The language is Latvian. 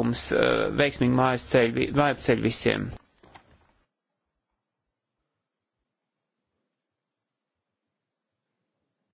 panākums, eh, veiksmīgi mājas ceļu, māju ceļu visiem.